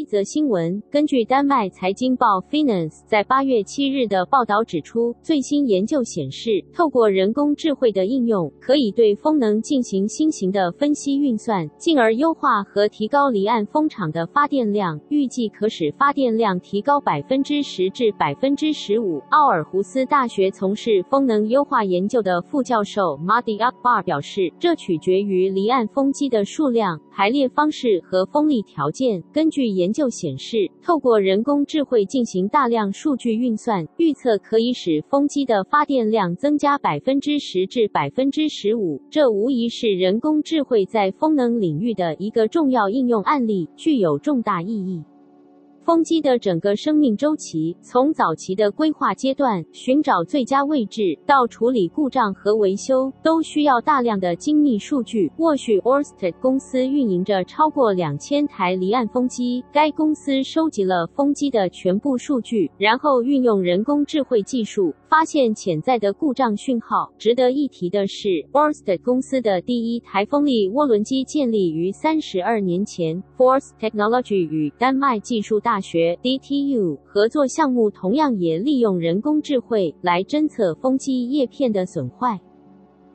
一則新聞，根據丹麥財經報《Finance》在八月七日的報道指出，最新研究顯示，透過人工智慧的應用，可以對風能進行新型的分析運算，進而優化和提高離岸風場的發電量，預計可使發電量提高百分之十至百分之十五。奧爾胡斯大學從事風能優化研究的副教授 Mahdi Abkar 表示，這取決於離岸風機的數量、排列方式和風力條件。根據研就顯示，透過人工智慧進行大量數據運算預測，可以使風機的發電量增加百分之十至百分之十五。這無疑是人工智慧在風能領域的一個重要應用案例，具有重大意義。風機的整個生命周期，從早期的規劃階段尋找最佳位置，到處理故障和維修，都需要大量的精密數據。沃許 Orsted 公司運營着超過兩千台離岸風機，該公司收集了風機的全部數據，然後運用人工智慧技術發現潛在的故障訊號。值得一提的是，Orsted 公司的第一台風力渦輪機建立於三十二年前。Force Technology 與與丹麥技術大學 DTU 合作項目同樣也利用人工智慧來偵測風機葉片的損壞。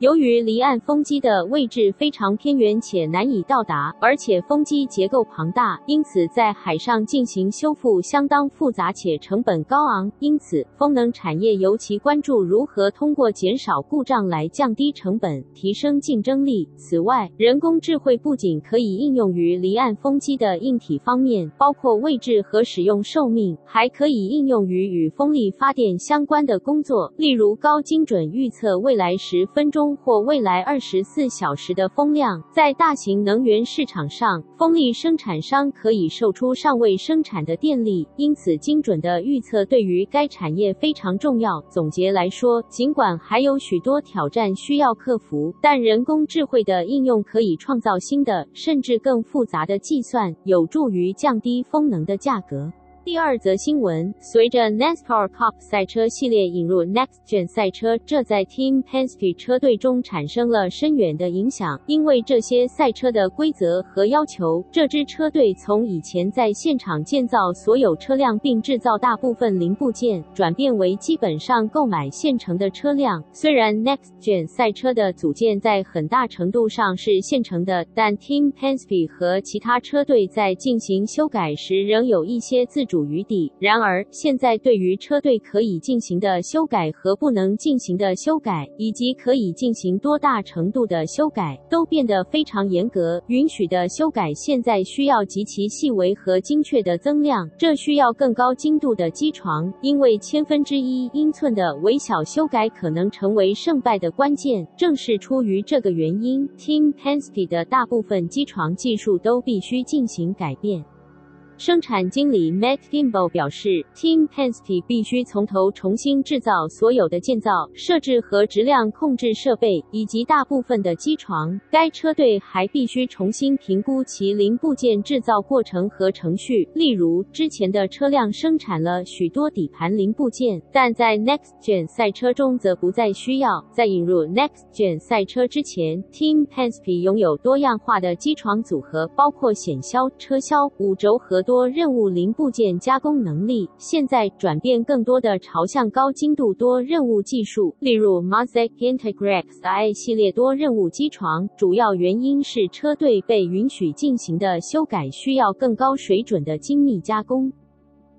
由於離岸風機的位置非常偏遠且難以到達，而且風機結構龐大，因此在海上進行修復相當複雜且成本高昂。因此，風能產業尤其關注如何通過減少故障來降低成本、提升競爭力。此外，人工智慧不僅可以應用於離岸風機的硬體方面，包括位置和使用壽命，還可以應用於與風力發電相關的工作，例如高精準預測未來十分鐘。或未來二十四小時的風量，在大型能源市場上，風力生產商可以售出尚未生產的電力。因此，精準的預測對於該產業非常重要。總結來說，儘管還有許多挑戰需要克服，但人工智慧的應用可以創造新的，甚至更複雜的計算，有助於降低風能的價格。第二則新聞，隨着 NASCAR Cup 賽車系列引入 NextGen 賽車，這在 Team Penske 車隊中產生了深遠的影響。因為這些賽車的規則和要求，這支車隊從以前在現場建造所有車輛並制造大部分零部件，轉變為基本上購買現成的車輛。雖然 NextGen 賽車的組件在很大程度上是現成的，但 Team Penske 和其他車隊在進行修改時仍有一些自主。屬於底。然而，現在對於車隊可以進行的修改和不能進行的修改，以及可以進行多大程度的修改，都變得非常嚴格。允許的修改現在需要極其細微和精確的增量，這需要更高精度的機床，因為千分之一英寸的微小修改可能成為勝敗的關鍵。正是出於這個原因，Team Penske 的大部分機床技術都必須進行改變。生產經理 Matt Gimbel 表示，Team Penske 必須從頭重新制造所有的建造、設置和質量控制設備，以及大部分的機床。該車隊還必須重新評估其零部件制造過程和程序，例如之前的車輛生產了許多底盤零部件，但在 Next Gen 賽車中則不再需要。在引入 Next Gen 賽車之前，Team Penske 擁有多樣化的機床組合，包括銑削、車削、五軸和。多任務零部件加工能力，現在轉變更多的朝向高精度多任務技術，例如 Mazak INTEGREX i 系列多任務機床，主要原因是車隊被允許進行的修改需要更高水準的精密加工。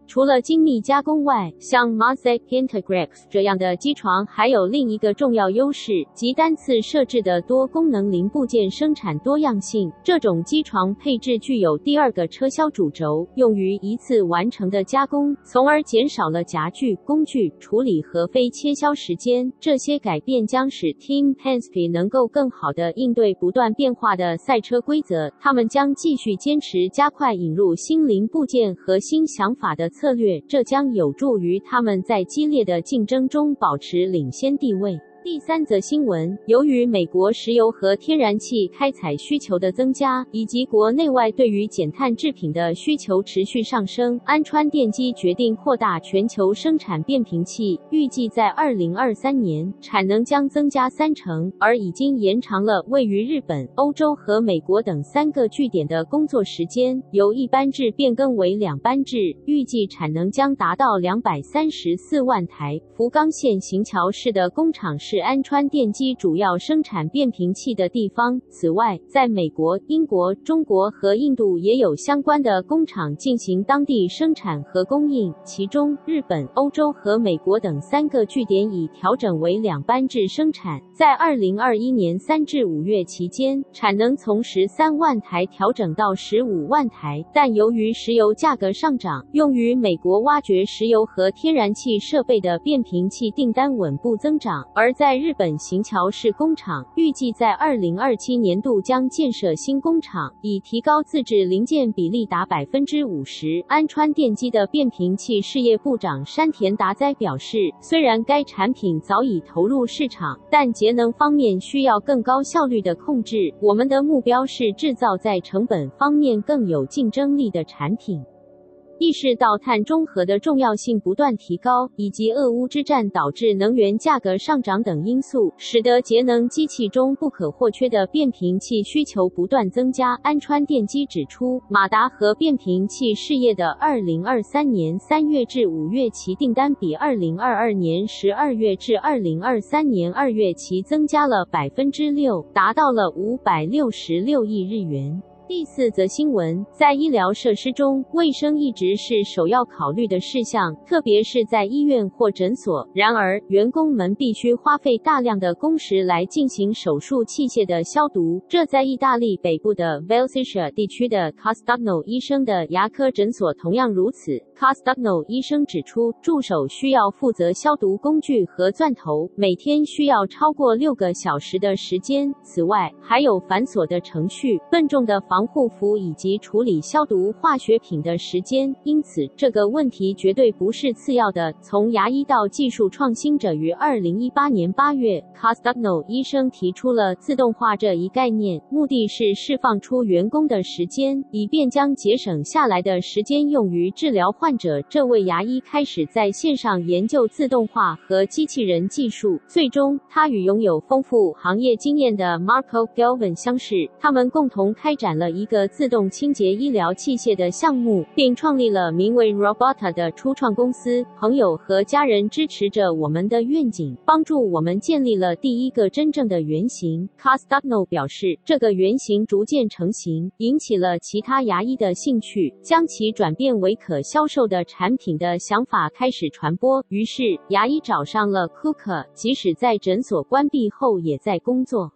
除了精密加工外，像 Mazak INTEGREX 這樣的機床還有另一個重要優勢，即單次設置的多功能零部件生產多樣性。這種機床配置具有第二個車削主軸，用於一次完成的加工，從而減少了夾具、工具處理和非切削時間。這些改變將使 Team Penske 能夠更好地應對不斷變化的賽車規則。他們將繼續堅持加快引入新零部件和新想法的策略，這將有助於他們在激烈的競爭中保持領先地位。第三則新聞，由於美國石油和天然氣開採需求的增加，以及國內外對於減碳制品的需求持續上升，安川電機決定擴大全球生產變頻器，預計在二零二三年產能將增加三成，而已經延長了位於日本、歐洲和美國等三個據點的工作時間，由一班制變更為兩班制，預計產能將達到兩百三十四萬台。福岡縣行橋市的工廠是。是安川電機主要生產變頻器的地方。此外，在美國、英國、中國和印度也有相關的工廠進行當地生產和供應。其中，日本、歐洲和美國等三個據點已調整為兩班制生產。在2021年3至5月期間，產能從13萬台調整到15萬台。但由於石油價格上漲，用於美國挖掘石油和天然氣設備的變頻器訂單穩步增長，而在。在日本行橋市工廠，預計在二零二七年度將建設新工廠，以提高自制零件比例達百分之五十。安川電機的變頻器事業部長山田達哉表示：“雖然該產品早已投入市場，但節能方面需要更高效率的控制。我們的目標是製造在成本方面更有競爭力的產品。”意識到碳中和的重要性不斷提高，以及俄烏之戰導致能源價格上漲等因素，使得節能機器中不可或缺的變頻器需求不斷增加。安川電機指出，馬達和變頻器事業的2023年3月至5月期訂單比2022年12月至2023年2月期增加了6%，達到了566億日元。第四則新聞，在醫療設施中，衛生一直是首要考慮的事項，特別是在醫院或診所。然而，員工們必須花費大量的工時來進行手術器械的消毒。這在意大利北部的 Valseria 地區的 Castano 醫生的牙科診所同樣如此。Castano 醫生指出，助手需要負責消毒工具和鑽頭，每天需要超過六個小時的時間。此外，還有繁瑣的程序，笨重的防防護服以及處理消毒化學品的時間，因此這個問題絕對不是次要的。從牙醫到技術創新者，於2018，於二零一八年八月 Castano 醫生提出了自動化這一概念，目的是釋放出員工的時間，以便將節省下來的時間用於治療患者。這位牙醫開始在線上研究自動化和機器人技術，最終他與擁有豐富行業經驗的 Marco Galvin 相識，他們共同開展了一個自動清潔醫療器械的項目，並創立了名為 Robota 的初創公司。朋友和家人支持着我們的願景，幫助我們建立了第一個真正的原型。Castano 表示，這個原型逐漸成型，引起了其他牙醫的興趣，將其轉變為可銷售的產品的想法開始傳播。於是，牙醫找上了 KUKA、er, 即使在診所關閉後也在工作。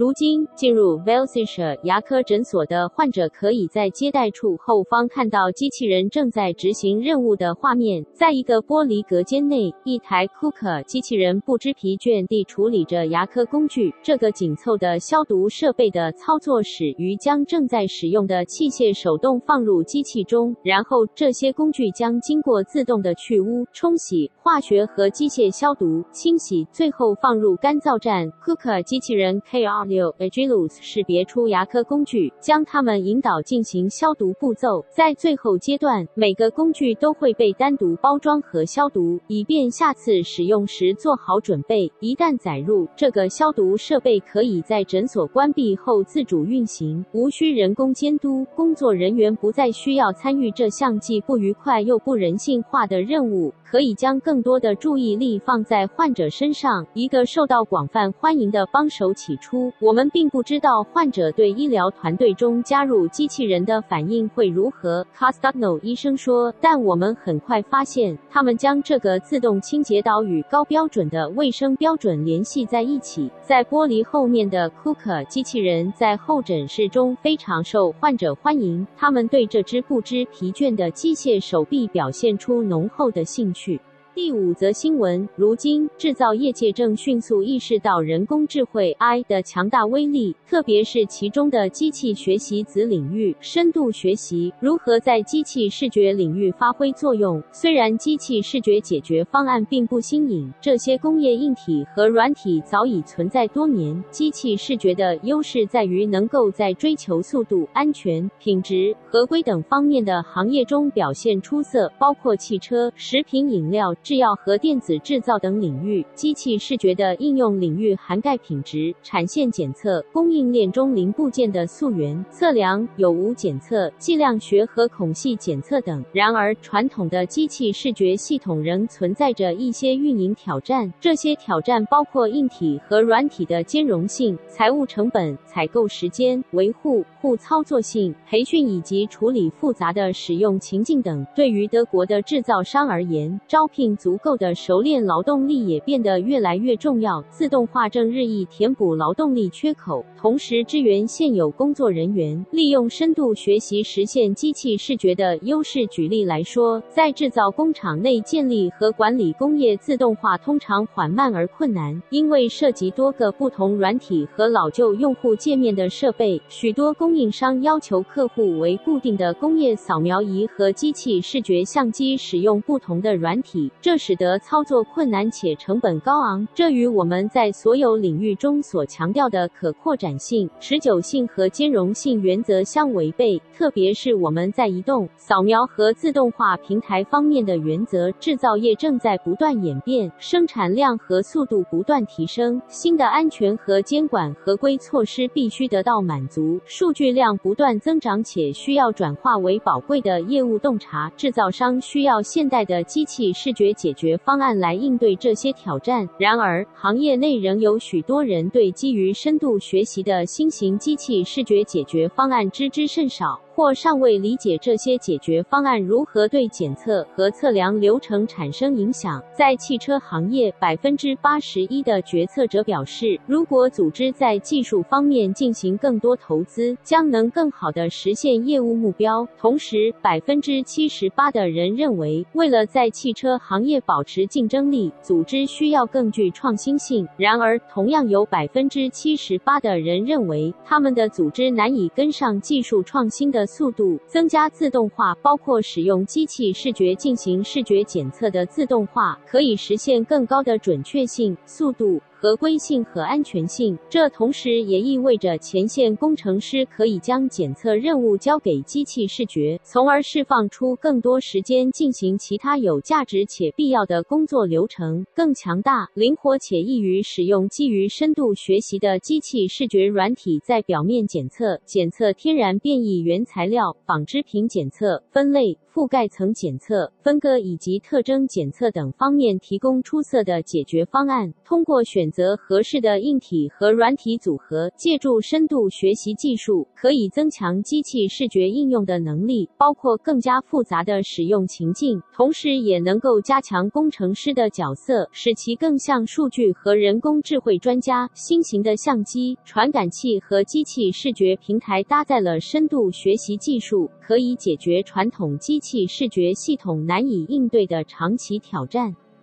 如今進入威爾士牙科診所的患者，可以在接待處後方看到機器人正在執行任務的畫面。在一個玻璃隔間內，一台 Cooker 機器人不知疲倦地處理着牙科工具。這個緊湊的消毒設備的操作始於將正在使用的器械手動放入機器中，然後這些工具將經過自動的去污、沖洗、化學和機械消毒、清洗，最後放入乾燥站。Cooker 機器人 KR。l Agilus 識別出牙科工具，將它們引導進行消毒步驟。在最後階段，每個工具都會被單獨包裝和消毒，以便下次使用時做好準備。一旦載入，這個消毒設備可以在診所關閉後自主運行，無需人工監督。工作人員不再需要參與這項既不愉快又不人性化的任務，可以將更多的注意力放在患者身上。一個受到廣泛歡迎的幫手，起初。我們並不知道患者對醫療團隊中加入機器人的反應會如何，Castano 醫生說。但我們很快發現，他們將這個自動清潔島與高標準的衛生標準聯繫在一起。在玻璃後面的 KUKA 機器人在候診室中非常受患者歡迎，他們對這只不知疲倦的機械手臂表現出濃厚的興趣。第五則新聞：如今，製造業界正迅速意識到人工智能 I 的強大威力，特別是其中的機器學習子領域——深度學習如何在機器視覺領域發揮作用。雖然機器視覺解決方案並不新穎，這些工業硬體和軟體早已存在多年。機器視覺的優勢在於能夠在追求速度、安全、品質、合規等方面的行業中表現出色，包括汽車、食品飲料。製藥和電子製造等領域，機器視覺的應用領域涵蓋品質、產線檢測、供應鏈中零部件的溯源、測量、有無檢測、計量學和孔隙檢測等。然而，傳統的機器視覺系統仍存在着一些運營挑戰，這些挑戰包括硬體和軟體的兼容性、財務成本、採購時間、維護、互操作性、培訓以及處理複雜的使用情境等。對於德國的製造商而言，招聘，足夠的熟練勞動力也變得越來越重要。自動化正日益填補勞動力缺口，同時支援現有工作人員，利用深度學習實現機器視覺的優勢。舉例來說，在製造工廠內建立和管理工業自動化通常緩慢而困難，因為涉及多個不同軟體和老舊用戶界面的設備。許多供應商要求客戶為固定的工業掃描儀和機器視覺相機使用不同的軟體。這使得操作困難且成本高昂，這與我們在所有領域中所強調的可擴展性、持久性和兼容性原則相違背，特別是我們在移動、掃描和自動化平台方面的原則。製造業正在不斷演變，生產量和速度不斷提升，新的安全和監管合規措施必須得到滿足。數據量不斷增長，且需要轉化為寶貴的業務洞察。製造商需要現代的機器視覺。解決方案來應對這些挑戰。然而，行業內仍有許多人對基於深度學習的新型機器視覺解決方案知之甚少。或尚未理解這些解決方案如何對檢測和測量流程產生影響。在汽車行業81，百分之八十一的決策者表示，如果組織在技術方面進行更多投資，將能更好地實現業務目標。同時，百分之七十八的人認為，為了在汽車行業保持競爭力，組織需要更具創新性。然而，同樣有百分之七十八的人認為，他們的組織難以跟上技術創新的。速度。增加自動化，包括使用機器視覺進行視覺檢測的自動化，可以實現更高的準確性、速度。合規性和安全性，這同時也意味着前線工程師可以將檢測任務交給機器視覺，從而釋放出更多時間進行其他有價值且必要的工作流程。更強大、靈活且易於使用，基於深度學習的機器視覺軟體在表面檢測、檢測天然變異原材料、紡織品檢測、分類、覆蓋層檢測、分割以及特徵檢測等方面提供出色的解決方案。通過選。擇合適的硬體和軟體組合，借助深度學習技術，可以增強機器視覺應用的能力，包括更加複雜的使用情境，同時也能夠加強工程師的角色，使其更像數據和人工智慧專家。新型的相機、傳感器和機器視覺平台搭載了深度學習技術，可以解決傳統機器視覺系統難以應對的長期挑戰。